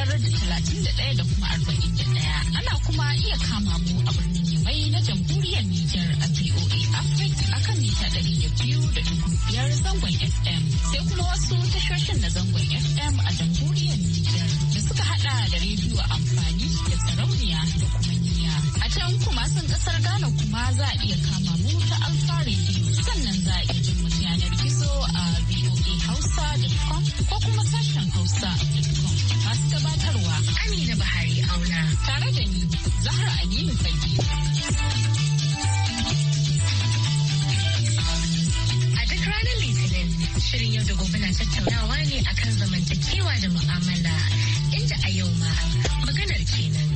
biyar da talatin da ɗaya da kuma arba'in da ɗaya. Ana kuma iya kama mu a birnin Yamai na jamhuriyar Nijar a VOA Africa a kan mita ɗari da biyu da dubu biyar zangon FM. Sai kuma wasu tashoshin na zangon FM a jamhuriyar Nijar da suka haɗa da rediyo amfani da sarauniya da kuma niya. A can kuma sun ƙasar Ghana kuma za a iya kama mu ta Alfa Radio sannan za a iya jin mu yanar gizo a voa Hausa.com ko kuma sashen hausa.com. masu gabatarwa Amina Buhari Auna tare da ni Zahra Aminu Fage. A duk ranar Litinin shirin yau da gobe na tattaunawa ne akan zamantakewa da mu'amala inda a yau ma maganar kenan.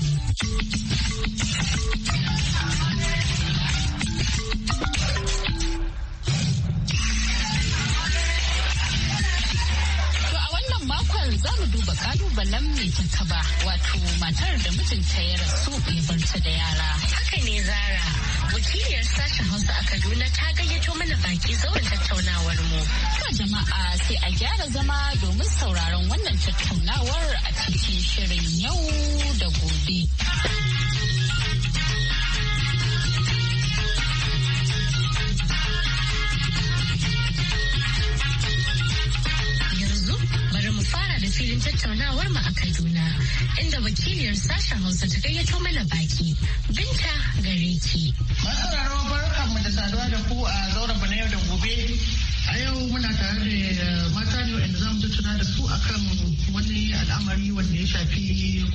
raba kalubalen mai takaba wato matar da mutunta ya rasu ya bar ta da yara. Haka ne Zara, wakiliyar sashen Hausa a Kaduna ta gayyato mana baki zauren tattaunawar mu. To jama'a sai a gyara zama domin sauraron wannan tattaunawar a cikin shirin yau da gobe. Kaduna inda wakiliyar sashen Hausa ta gayyato mana baki Binta gare ki. Masu barkan mu da saduwa da ku a zauren na yau da gobe a yau muna tare da mata ne wanda zamu tattauna da su akan wani al'amari wanda ya shafi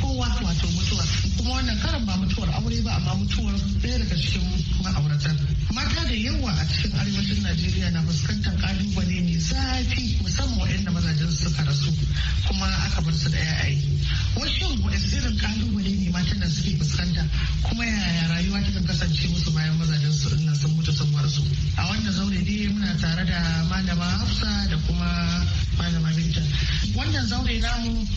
kowa wato mutuwa kuma wannan karan ba mutuwar aure ba amma mutuwar ɗaya daga cikin ma'auratan mata da yawa a cikin arewacin najeriya na fuskantar kalubale mai zafi musamman waɗanda mazajen suka rasu kuma aka bar su da yayaye wasu wani irin kalubale ne matan na suke fuskanta kuma yaya rayuwa ta kasance musu bayan mazajen su sun mutu sun warsu a wannan zaune ne muna tare da malama hafsa da kuma malama binta wannan zaure namu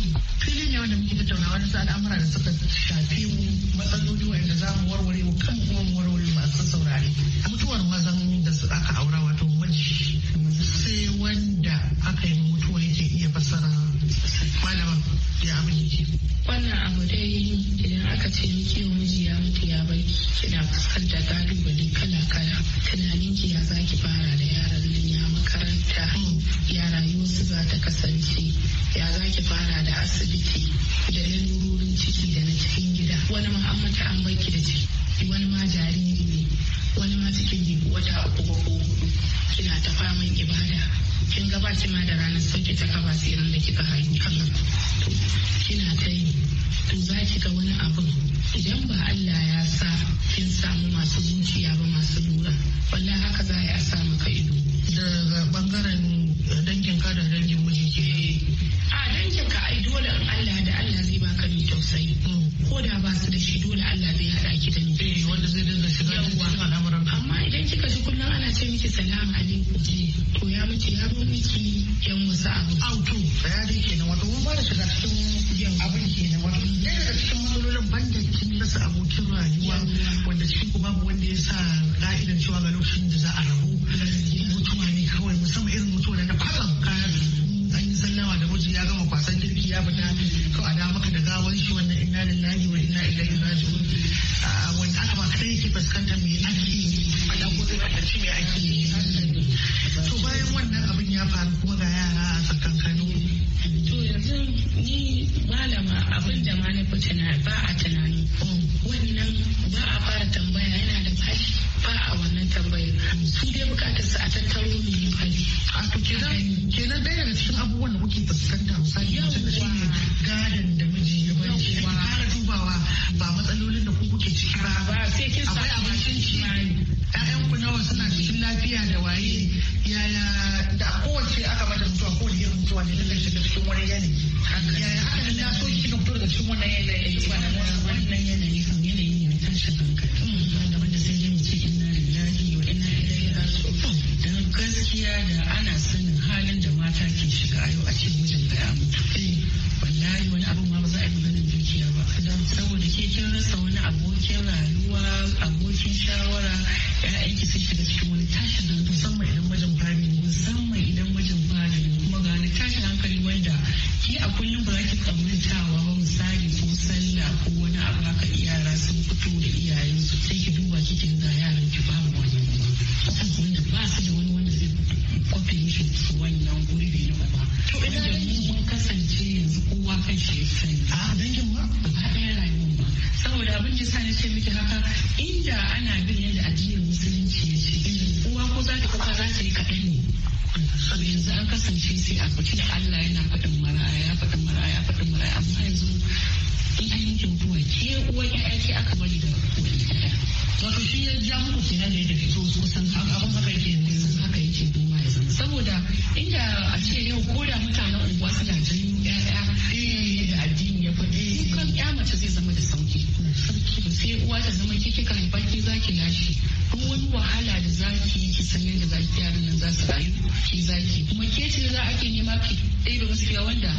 fili ne wanda muke tattauna wani al'amura da suka shafi mu matsaloli wanda za mu warware mu kan kuma mu warware masu saurare mutuwar mazan da aka aura wato maji sai wanda aka yi mutuwa yake iya fassara malama ya abin yake wannan abu dai idan aka ce miki miji ya mutu ya bai kina fuskantar kalubale kala kala tunanin ki ya zaki fara da yaran nan ya makaranta ya rayu su za ta kasance ya zaki fara da asibiti da lalurorin ciki da na cikin gida wani ma an mata an da ciki wani ma jariri ne wani ma cikin wata uku ko hudu kina ta faman ibada kin ga baki ma da ranar sauke ta kafa siran da kika haihu to kina ta yi to za ki ga wani abun idan ba Allah ya sa kin samu masu zuciya ba masu lura wallahi haka za a sa maka ido daga bangaren dangin ka da dangin miji ke a dangin ka ai dole in Allah da Allah zai baka mai tausayi ko da ba su da shi dole Allah zai hada ki da ni eh, wanda zai dinga shiga cikin al'amuran amma idan kika ji kullum ana ce miki salamu alaikum ya mace ya zo miki yan wasu abu auto ya dai kenan su dai bukatar su a tattaro mu yi fari a to kenan kenan ɗaya daga cikin abubuwan da kuke fuskanta misali Yau shi ne gadon da miji ya bari shi ake fara dubawa ba matsalolin da ku kuke ciki ba ba sai kin akwai abincin ci ƴaƴan ku nawa suna cikin lafiya da waye yaya da kowace aka mata mutuwa ko kowace irin mutuwa ne ta shiga cikin wani yanayi yaya aka nan da so kika fito daga cikin wannan yanayi wannan yanayi kan yanayi ne tashin hankali mm. da ana sanin halin da mata ke shiga yau a cikin mijin ga ya mutu eh, wallahi wani abu ma ba za a yi ganin dukiya ba don saboda ke kin rasa wani abokin rayuwa abokin shawara ya'yanki sun shiga cikin wani tashin da musamman idan mijin ba ne musamman idan mijin ba ne kuma ga wani tashin hankali wanda ke a kullum ba ki kamantawa ba misali ko sallah ko wani abu haka yara sun fito da iyayensu sai ki duba ki ga yaran ki babu wani wanda ba su da wani wanda zai kwafe mishi wannan gurbi na baba wanda mu mun kasance yanzu kowa kan shi ya sani a dangin ma ba ɗaya rayuwar ba saboda abin da sani ce miki haka inda ana bin yadda addinin musulunci ya ce kowa ko za ta kuka za ta yi kaɗan ne abu yanzu an kasance sai a kuci da Allah yana faɗin maraya ya faɗin maraya ya faɗin maraya amma yanzu in an mutuwa ke uwa ya ake aka bari da wani ɗaya wato shi ya ja muku kenan ne da fito kusan abin haka yake yanzu haka yake duma ya zama saboda inda a ce yau ko da mutanen unguwa suna janyo ƴaƴa eh, da addini ya faɗi kan ƴa mace zai zama da sauki sai uwa ta zama ki kika haifa ki zaki lashe duk wani wahala da zaki yi ki san yadda ki yaran nan za su rayu ki zaki kuma ke ce za ake nema ki ɗaya gaskiya wanda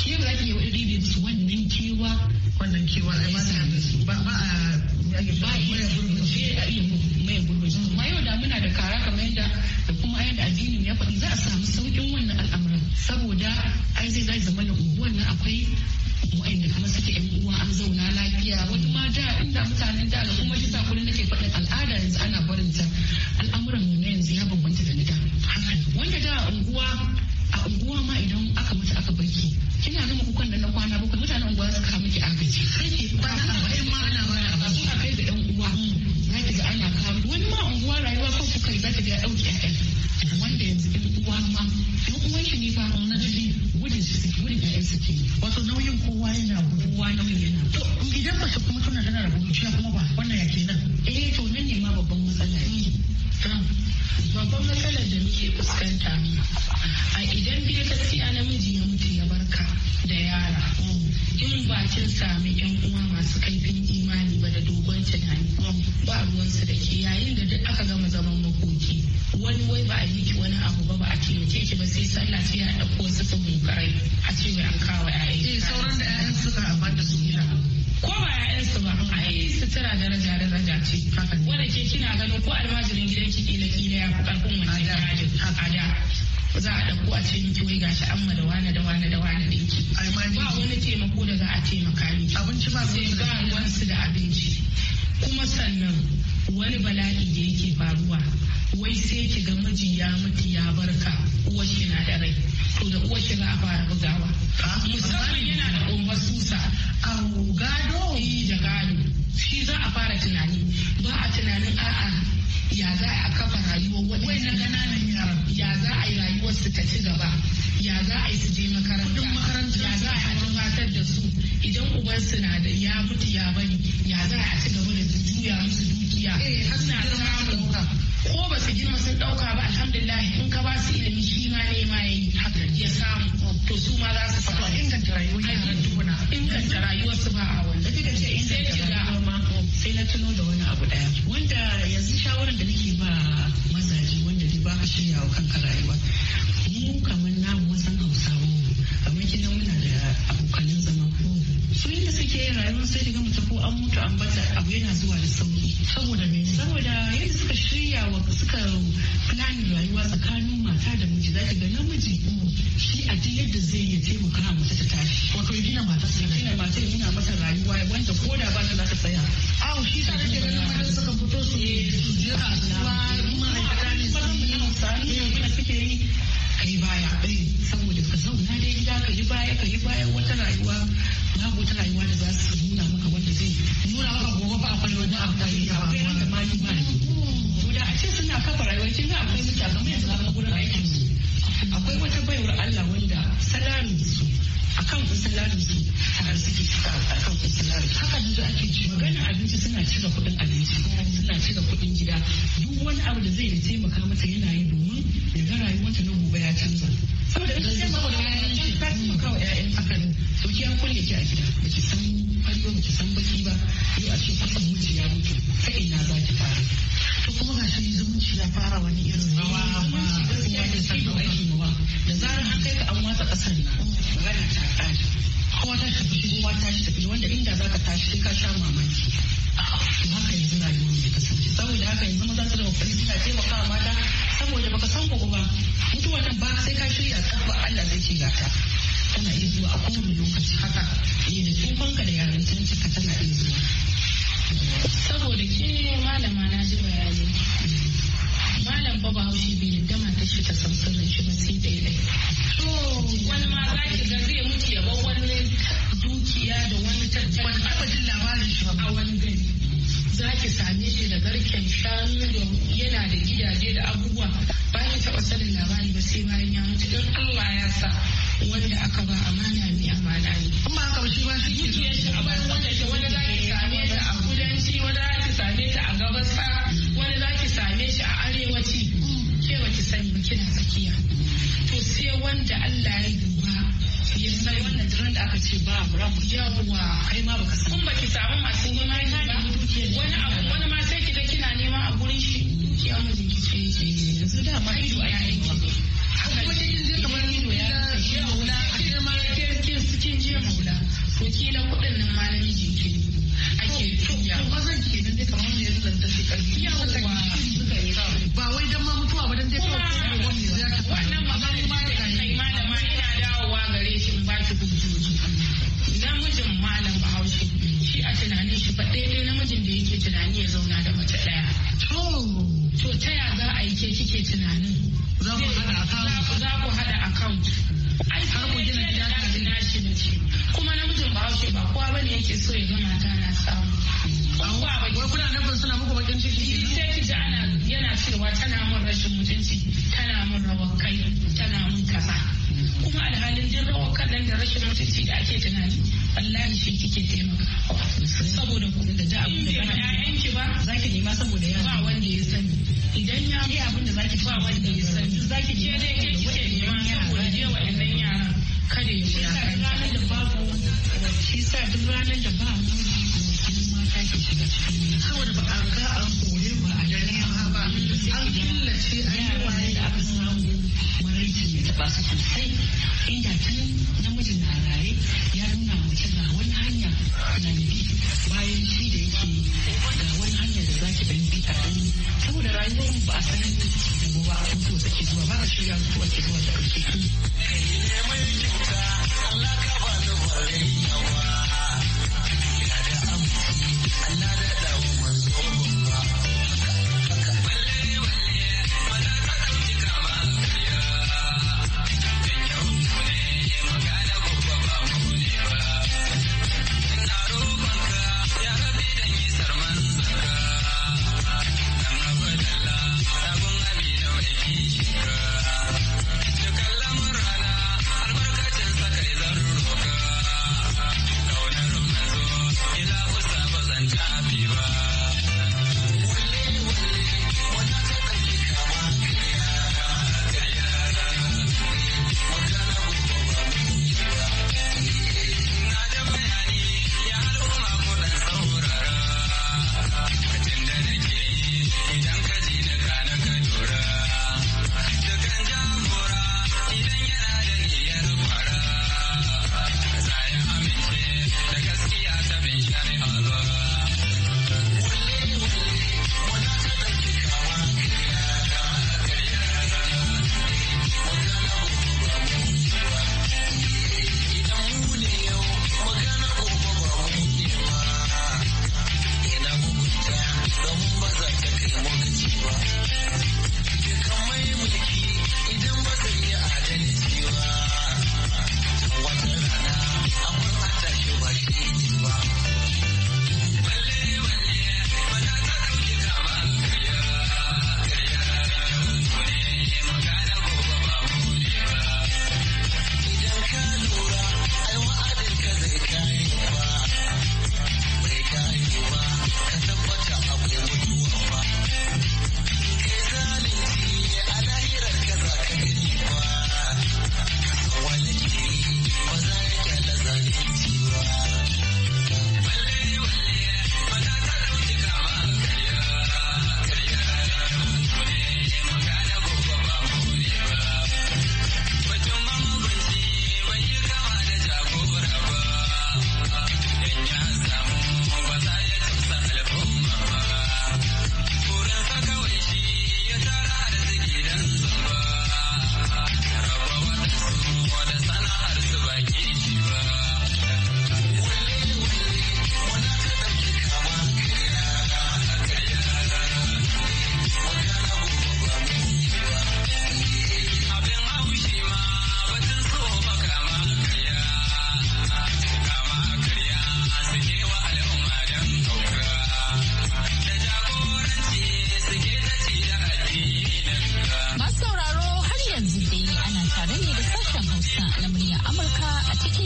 ke ba za ki yi wani irin su wannan kewa wannan kewa ai ba ba a da ake ba mai yau da muna da kara kamar yadda da kuma yadda addinin ya faɗi za a samu sauƙin wannan al'amuran saboda ai zai zai zama da unguwan nan akwai wa'anda kuma suke yan uwa an zauna lafiya wani ma da inda mutanen da kuma kisa ba sami yan uwa masu kaifin imani ba da dogon tunani ba ruwansu da ke yayin da duk aka gama zaman makoki wani wai ba a yi ki wani abu ba ba a taimake ki ba sai sallah sai ya ɗauko wasu su munkarai a ce mai an kawo ƴaƴan. Eh, sauran da ƴaƴan suka abada su gida. ko ba ƴaƴan su ba ai sutura daraja daraja ce. wanda ke kina ganin ko almajirin gidan ki kila kila ya fi ƙarfin za a ɗauko a ce miki wai gashi amma da wane da wane da wane ɗinki ba wani taimako da za a taimaka miki abinci ba sai ba wansu da abinci kuma sannan wani bala'i da yake faruwa wai sai ki ga miji ya mutu ya barka uwar shi na da rai to da uwar shi za a fara bugawa musamman yana da ƙumbar susa a gado da gado shi za a fara tunani ba a tunanin a'a ya za a kafa rayuwar wani na ƙananan a yi su ta ci gaba ya za a yi su je makaranta ya za a tufatar da su idan su na da ya mutu ya bari ya za a ci gaba da juya musu dukiya eh, suna samun ko ba su girma sun dauka ba alhamdulillah in ka ba su ilimi shi ma ne ma yi haka ya samu to su ma za su samu inganta rayuwar yaran tukuna inganta rayuwar su ba a wanda kika ce inganta rayuwar ma sai na tuno da wani abu daya wanda yanzu shawarar da nake ba ba a shirya wa kanka rayuwa mu kamar na wasan hausawa kamar kina muna da abokanin zama su inda suke yin rayuwar sai daga mutu ko an mutu an bata abu yana zuwa da sauki saboda me saboda yadda suka shirya wa suka planning rayuwa tsakanin mata da miji za ki ga namiji shi a duk yadda zai yi taimaka wa mata ta tashi wato gina mata sai gina mata ya gina mata rayuwa wanda ko da ba ta za ta tsaya aw shi sa nake ganin mata suka fito eh, su je kasuwa yaɓe ne saboda ka zauna dai gida ka yi baya ka yi baya wata rayuwa babu wata rayuwa da za su nuna maka wanda zai nuna maka gobe ba akwai wani abu da ya akwai wanda ma yi ba to da a ce suna kafa rayuwa kin ga akwai mutane kamar yanzu aka gurin aikin su akwai wata baiwar Allah wanda salarin su akan salarin su tare suke cika akan salarin haka yanzu ake ci magana abinci suna cika kuɗin abinci suna cika kuɗin gida duk wani abu da zai taimaka mata canza saboda ita ce saboda ƴaƴan ta su kawo ƴaƴan aka ne to ki an kulle ki a gida ba ki san fari ba ki san baki ba yau a ce kuka zuci ya mutu ta ina za ki fara to kuma ga shi zumunci ya fara wani irin rawa ma eh, kuma da san da aiki ma da zarar an kai ka an watsa kasar nan magana ta ƙare kowa ta tafi kowa ta tafi wanda inda za ka tashi sai ka sha mamaki ah, haka yanzu rayuwar mai kasance saboda haka yanzu maza su da kokari suna taimakawa mata saboda baka san ko ba mutuwa nan ba sai ka shirya tsabba Allah zai shirya ta. tana iya zuwa a kowane lokaci haka eh da ka da yarintanci ka tana iya zuwa saboda ke malama na ji bayani malam ba bahaushe bai dama ta shi ta samsanin shi ba sai dai dai to wani ma za ki ga zai mutu ya ba wani dukiya da wani tattalin abadin labarin shi a wani gari za ki same shi da garken shanu da yana da gidaje da abubuwa ba ki taɓa sanin labari ba sai bayan ya mutu don Allah ya sa wanda aka ba amana mai amana ne. Kuma aka ba shi ba shi ke zuwa shi a bayan wanda ke wanda za ki same shi a kudanci wanda za ki same shi a gabasa wanda za ki same shi a arewaci ke ba ki sani ba kina tsakiya. To sai wanda Allah ya duba ya sai wannan jiran da aka ce ba mu rabu. Yawwa. Kai ma baka san. Kun ba ki samu masu yi ba. wani abu wani ma sai kiga kina nema a gurin shi ki a mijin ki sai sai yanzu da ma ido a yayin ki kuma kin je kamar ido ya ya maula a kin ma kin kin kin je maula to kila kudin nan ma na mijin ki ake tuya to bazan ki nan dai kamar yanzu lantarki karfi ya wata ba wai dan ma mutuwa ba dan dai tana mun rashin mutunci tana mun rawar kai tana mun kaza kuma alhalin jin rawar kan da rashin mutunci da ake tunani wallahi shi kike taimaka saboda ku da da abu da ba ƴaƴan ki ba zaki nema saboda ya ba wanda ya sani idan ya yi abin da zaki ba wanda ya sani zaki ce dai ke kike nema saboda je wa ƴan yaran kada ya ranar da babu shi sa duk ranar da ba mu mata ke shiga cikin saboda ba a ga an kore ba a dare an killace an yi waye da aka samu maraici mai taba su sosai inda tun namiji na raye ya nuna mace ga wani hanya na bi bayan shi da yake ga wani hanya da za ki bi a ɗan saboda rayuwar ba a sanar da gobe a mutuwa take zuwa ba a shirya mutuwa ke zuwa da ɗauke.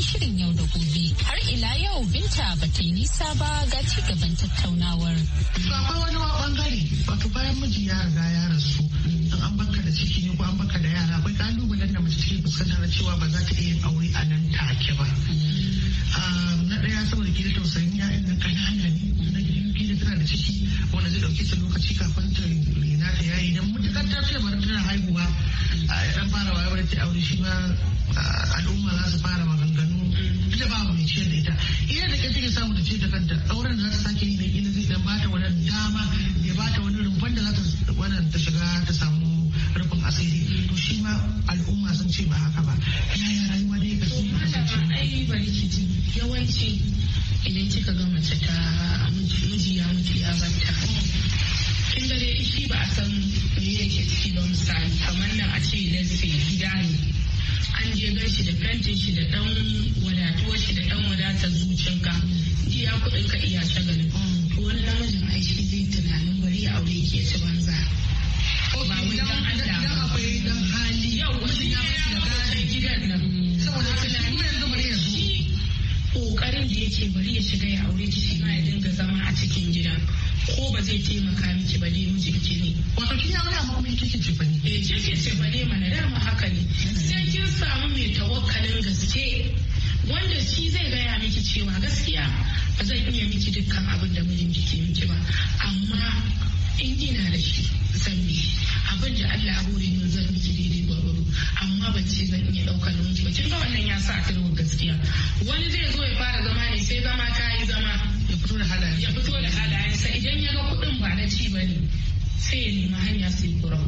shirin yau da gobe. Har ila yau Binta ba ta yi nisa ba ga ci gaban tattaunawar. Akwai wani bangare wato bayan miji ya riga ya rasu in an baka da ciki ne ko an baka da yara akwai kalubalen da mace take fuskanta na cewa ba za ta iya yin aure a nan take ba. Ah, na ɗaya saboda gida tausayin ya'yan na ƙanana ne na gida tana da ciki wanda zai ɗauki ta lokaci kafin ta rena ta yayi dan mutukar ta ce bari tana haihuwa a ɗan fara wayar ta aure shi ba al'umma za su fara maganganu ita ba mai ciyar da ita ina da kai take samu ta ce da kanta auren da za ta sake yin da ina zai dan bata wani dama ya bata wani rumfan da za ta wannan ta shiga ta samu rufin asiri to shi ma al'umma sun ce ba haka ba yaya rayuwa dai ka su ai bari ki yawanci idan kika ga mace ta miji ya mutu ya banta. kin ga dai shi ba a san me yake ciki ba misali kamar nan a ce idan sai gida ne an je gan shi da fentin shi da dan wadatuwar shi da dan wadatar zuciyanka iya kuɗin ka iya shagali to wani namijin ai shi zai tunanin bari ya aure ke ci banza ba wai dan Allah dan akwai dan hali yau wani ya fi da garin gidan nan saboda haka shi mu yanzu bari ya zo kokarin da yake bari ya shiga ya aure ki shi ma ya dinga zama a cikin gidan ko ba zai taimaka miki ba ne mijin ki ne. Wato kin eh, ya wani amma kike ce bane. Eh kike ce ne mana dama haka ne. Sai kin samu mai tawakkalin gaske wanda shi zai gaya miki cewa gaskiya ba zan iya miki dukkan abin da mijin ki ke miki ba amma in ina da shi zan yi abin da Allah ya hore ni zan miki daidai gwargwado amma ban ce zan iya daukar miki ba kin ga wannan ya sa a gaskiya wani zai zo ya fara zama ne sai zama ta yi zama fito da halayen ya fito da halayen sa idan ya ga kuɗin ba na ci ba ne sai ya nemi hanya sai kurau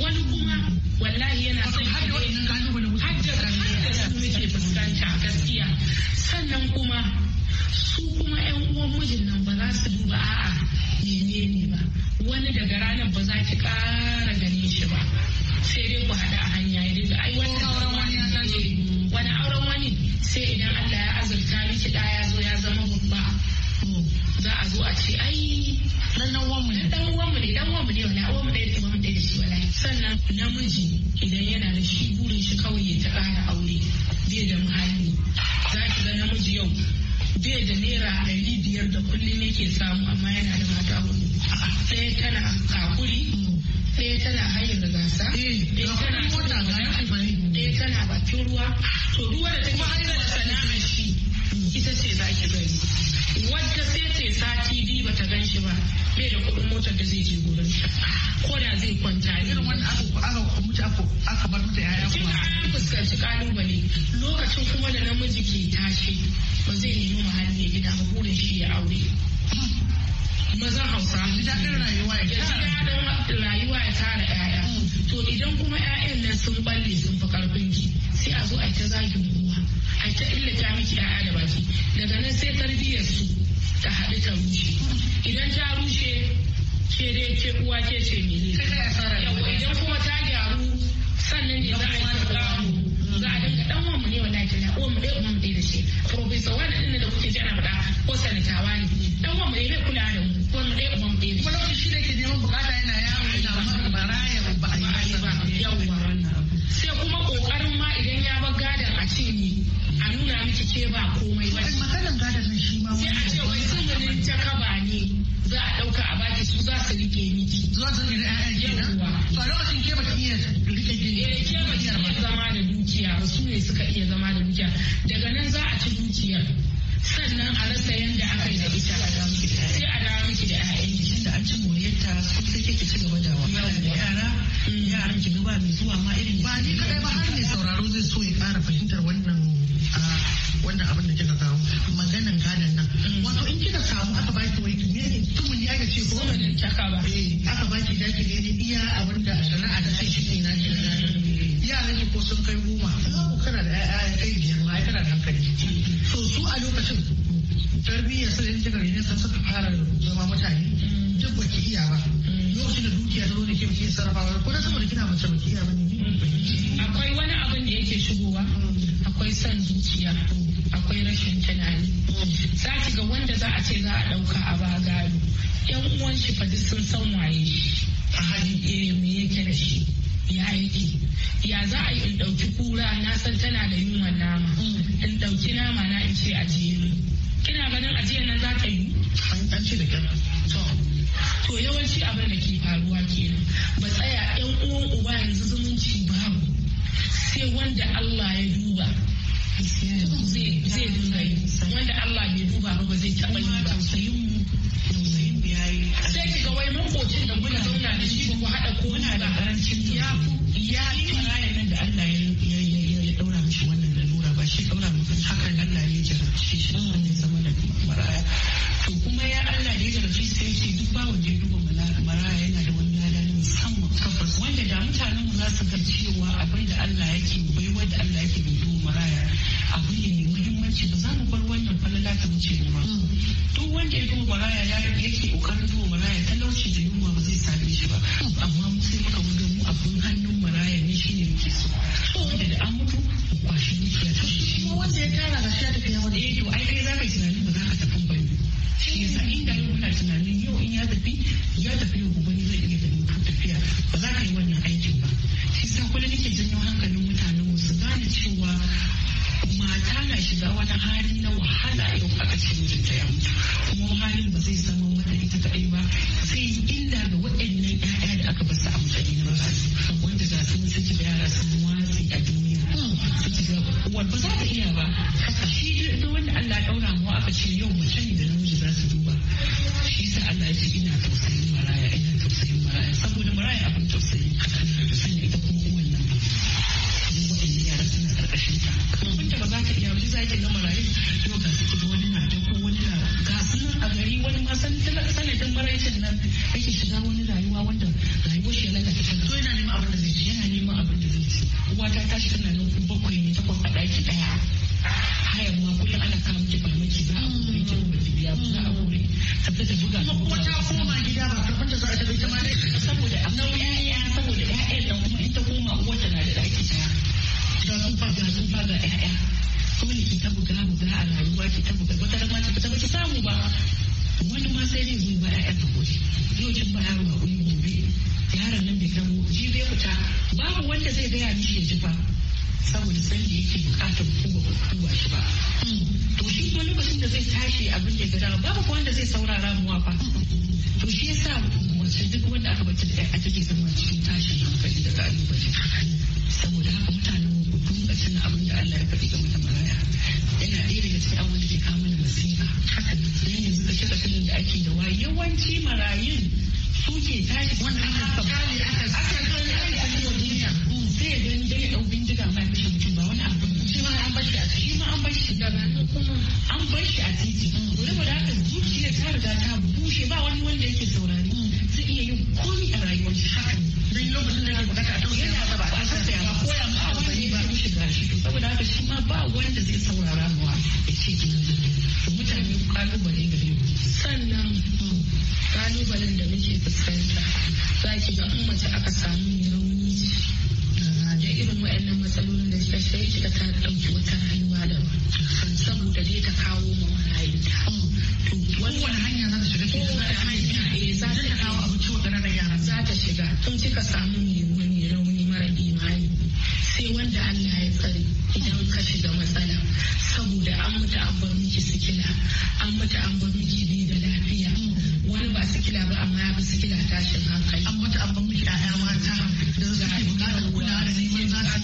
wani kuma wallahi yana son har da wa'annan kalubale su muke fuskanta gaskiya sannan kuma su kuma yan uwan mijin nan ba za su duba a'a menene ba wani daga ranar ba za ki ƙara ganin shi ba sai dai ku haɗa a hanya ya dinga ai wannan auren wani eh, wani auren wani sai idan Allah ya azurta miki ɗaya zo ya zama zo a ce ai dan uwanmu ne dan uwanmu ne dan uwanmu ne wala uwanmu ɗaya da uwanmu ɗaya da shi wala sannan namiji idan yana da shi burin shi kawai ya taba da aure zai da muhalli za ki ga namiji yau zai da naira ɗari biyar da kullum yake samu amma yana da mata hudu ɗaya tana kakuri ɗaya tana hanyar gasa eh, ɗaya tana bakin ruwa to ruwa da ta kuma hanyar sana'a shi mm. ita ce za ki gani wadda sai ce sati biyu bata gan shi ba bai da kuɗin motar da zai je gurin ko da zai kwanta irin wanda aka aka mutu aka bar mata yaya kuma kin fuskanci kalubale lokacin kuma da namiji ke tashi ba zai nemi muhalli gida ba burin shi ya aure mazan hausa ji daɗin rayuwa ya ji rayuwa ya tara ƴaƴa to idan kuma ƴaƴan nan sun balle sun fi ƙarfin ki sai a zo a ta zagin ku ta illata miki ya da baki daga nan sai tarbiyyar su ta haɗu ta rushe idan ta rushe ke dai ke uwa ke ce ne idan kuma ta gyaru sannan ne za a yi samu za a dinga dan wamu ne wallahi kina ko mu dai mu dai da shi profesor wani ɗin da kuke ji ana faɗa ko sanitawa ne dan wamu ne bai kula da mu za eh, zama da dukiya ba su ne suka iya zama da dukiya daga nan za a ci dukiyar sannan a rasa yadda aka yi da ita a da sai da da an yara mm. yaran ki zuwa ma irin ba ni kadai ba har ne sauraro zai so fara zama mutane mm. duk ba ki iya ba mm. lokacin da dukiya ta zo sarrafa ba ko da saboda kina mace ba ki iya ba ne mm. akwai wani abin da yake shigowa akwai son zuciya akwai rashin tunani za ki ga wanda za a ce za a ɗauka a ba gado yan uwan shi fa duk sun san waye a hali eh, me yake da shi ya yake ya za a yi in ɗauki kura na san tana da yunwan nama an ci da kyar to yawanci abin da ke faruwa kenan ba tsaya yan uwan uba yanzu zumunci babu sai wanda Allah ya duba zai zai wanda Allah bai duba ba ba zai taɓa yi ba aka ce yau mutum ne da namiji za su duba shi sa Allah ya ce babu wanda zai gaya mishi ya ji ba saboda san da yake bukatar kuwa kuwa shi ba to shi kuma lokacin da zai tashi abin da gada babu wanda zai saurara muwa ba to shi sa wacce duk wanda aka bace da a take zama cikin tashin hankali da kalubale saboda haka mutanen mu a tuna abin da Allah ya faɗi ga da maraya yana ɗaya daga cikin abin da ke kawo mana masifa dan yanzu kashe kashen da ake da wa yawanci marayun suke tashi wanda aka aka ya gani dan ya dau bindiga ma kashe mutum ba wani abu shi ma an bashi a shi ma an bashi da an bashi a titi wani saboda haka zuciya ta riga ta bushe ba wani wanda yake saurari zai iya yin komi a rayuwar shi haka ne lokacin da ya bukata a tausaya masa ba a tausaya ba koya ma a wani ba shiga shi saboda haka shi ma ba wanda zai saurara mawa ya ce yanzu mutane kalubale gare mu sannan mm, kalubalen da muke fuskanta za ki ga in mace aka samu rauni duk irin waɗannan matsalolin da suka sai kika ta ɗauki wata rayuwa da san saboda dai ta kawo ma marayu To wani hanya za ta shiga cikin za ta hanya eh za ta kawo abu ciwo wa ƙananan yara. Za ta shiga tun kika samu ne wani rauni mara imani sai wanda Allah ya tsare idan ka shiga matsala saboda an mutu an bar miki sikila an mutu an bar miki bi da lafiya wani ba sikila ba amma ya fi sikila tashin hankali. An mutu an bar miki 'ya'ya mata da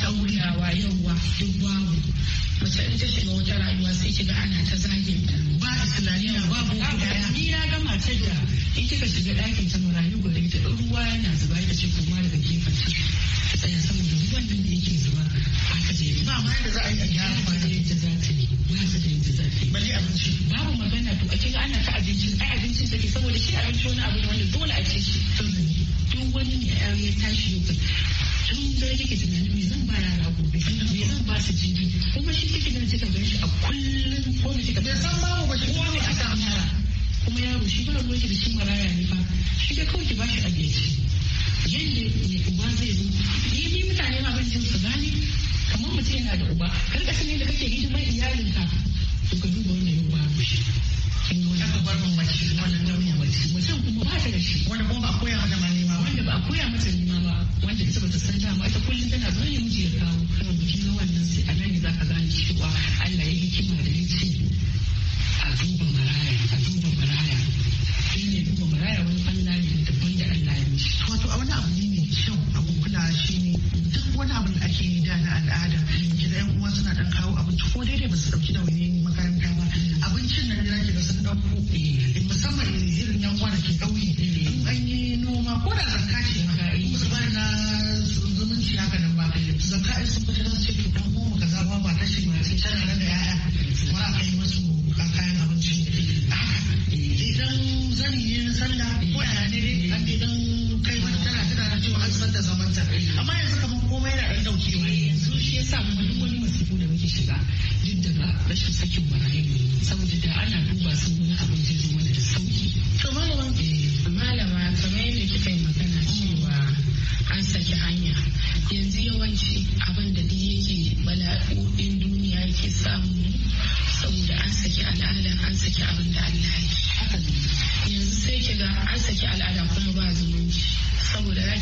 ɗaurawa yauwa duk babu mace in ta shiga wata rayuwa sai kiga ana ta zagin ta ba islamiyya ba boko daya ni na ga matar da in kika shiga ɗakin ta marayu ta ita ruwa yana zuba ita ce kuma daga gefen ta tsaya saboda ruwan nan da yake zuba aka je ba ma yadda za a yi a gyara ba da yadda za ta yi ba su da yadda za ta yi bari abinci babu magana to a kiga ana ta abincin ai abincin take saboda shi abinci wani abu ne wanda dole a ce shi duk wani ne ya tashi yau tun dare kike tunanin me zan ba yara gobe me zan ba su jibi kuma shi kike ganin kika gan shi a kullum ko ne kika san babu ba shi yara kuma yaro shi ba ruwan shi da shi maraya ne fa shi da kawai ki ba shi abinci yadda ne uba zai zo ni bi mutane ma ban jin su gane kamar mutum yana da uba kar ka san yadda kake hidimar iyalinka to ka duba wannan yau babu shi in wani aka bar mu mace wannan nauyin mace kuma ba ta da shi wanda kuma ba a koya mata ma nema wanda ba a koya mata nema wanda ita bata san dama ita kullum tana zuwa ya miji ya kawo kuma bikin na wannan sai a nan ne za ka gane cewa Allah ya hikima da ya ce a duba maraya a duba maraya shi ne duba maraya wani Allah ne daban da Allah ya mishi. Wato a wani abu ne mai kyau abin kula shi ne duk wani abu da ake yi da na al'ada kiga yan uwa suna dan kawo abinci ko daidai ba su dauki da wani makaranta ba abincin nan da ke da sun dauko eh,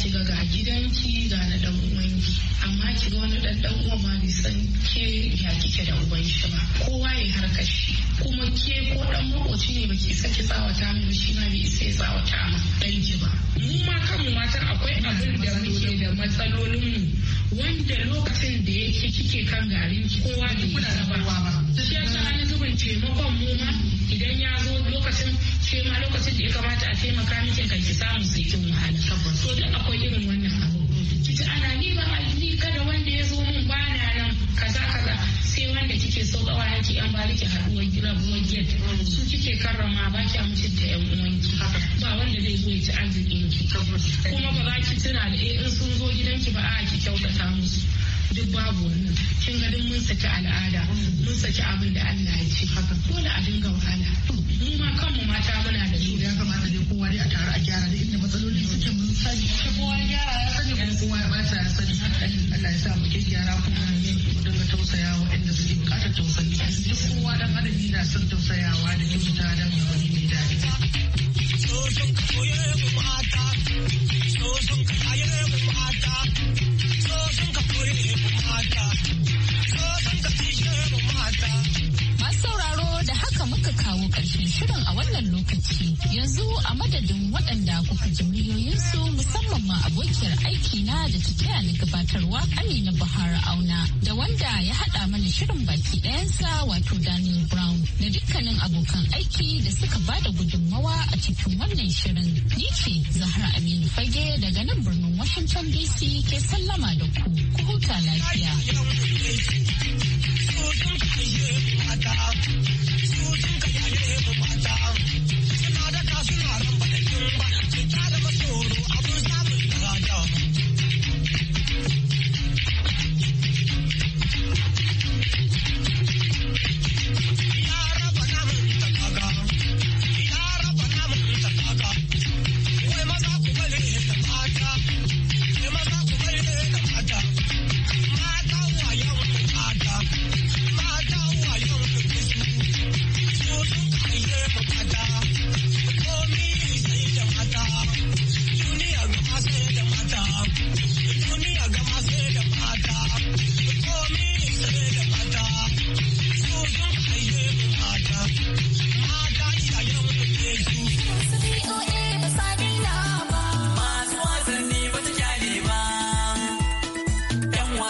shiga ga gidanki ga na dan uwanki amma ki ga wani dan dan uwa ma bai san ke ya kike da uban shi ba kowa ya harkashi shi kuma ke ko dan makoci ne baki isa ki tsawata min shi ma bai isa ya tsawata ma dan ki ba mu ma kanmu matan akwai abin da muke da matsalolin mu wanda lokacin da yake kike kan garin kowa bai isa ba shi sa an zubin taimakon mu ma idan ya zo lokacin ma lokacin da ya kamata a taimaka miki kai ki samu sai wahala so duk akwai irin wannan abu kici ana ni ba ni kada wanda ya zo mun na nan kaza kaza sai wanda kike so kawa yake an ba ki haduwar gina ruwan giyar su kike karrama ba ki da yan uwanki ba wanda zai zo ya ci arzikin ki kuma ba za ki tuna da eh in sun zo gidanki ba a ki kyautata musu duk babu wannan kin ga mun saki al'ada mun saki abin da Allah ya ce haka dole a dinga wahala mu ma kanmu mata muna da su ya kamata dai kowa dai a tare a gyara da inda matsaloli suke mun sani kowa ya gyara ya sani kuma kowa ya bata ya sani Allah ya sa mu ke gyara ko kuma mu dinga tausaya wa inda suke bukatar tausayi duk kowa dan adam yana son tausayawa da kyautata dan wani mai daɗi so son ka koyar mu mata so son ka koyar mu mata yanzu a madadin waɗanda kuka ji muryoyinsu musamman ma abokiyar aiki na da ta na ni gabatarwa amina buhari auna da wanda ya haɗa mana shirin baki ɗayansa wato daniel brown da dukkanin abokan aiki da suka ba da gudunmawa a cikin wannan shirin ni ce zahra aminu fage daga nan birnin washington dc ke sallama da ku ku huta lafiya.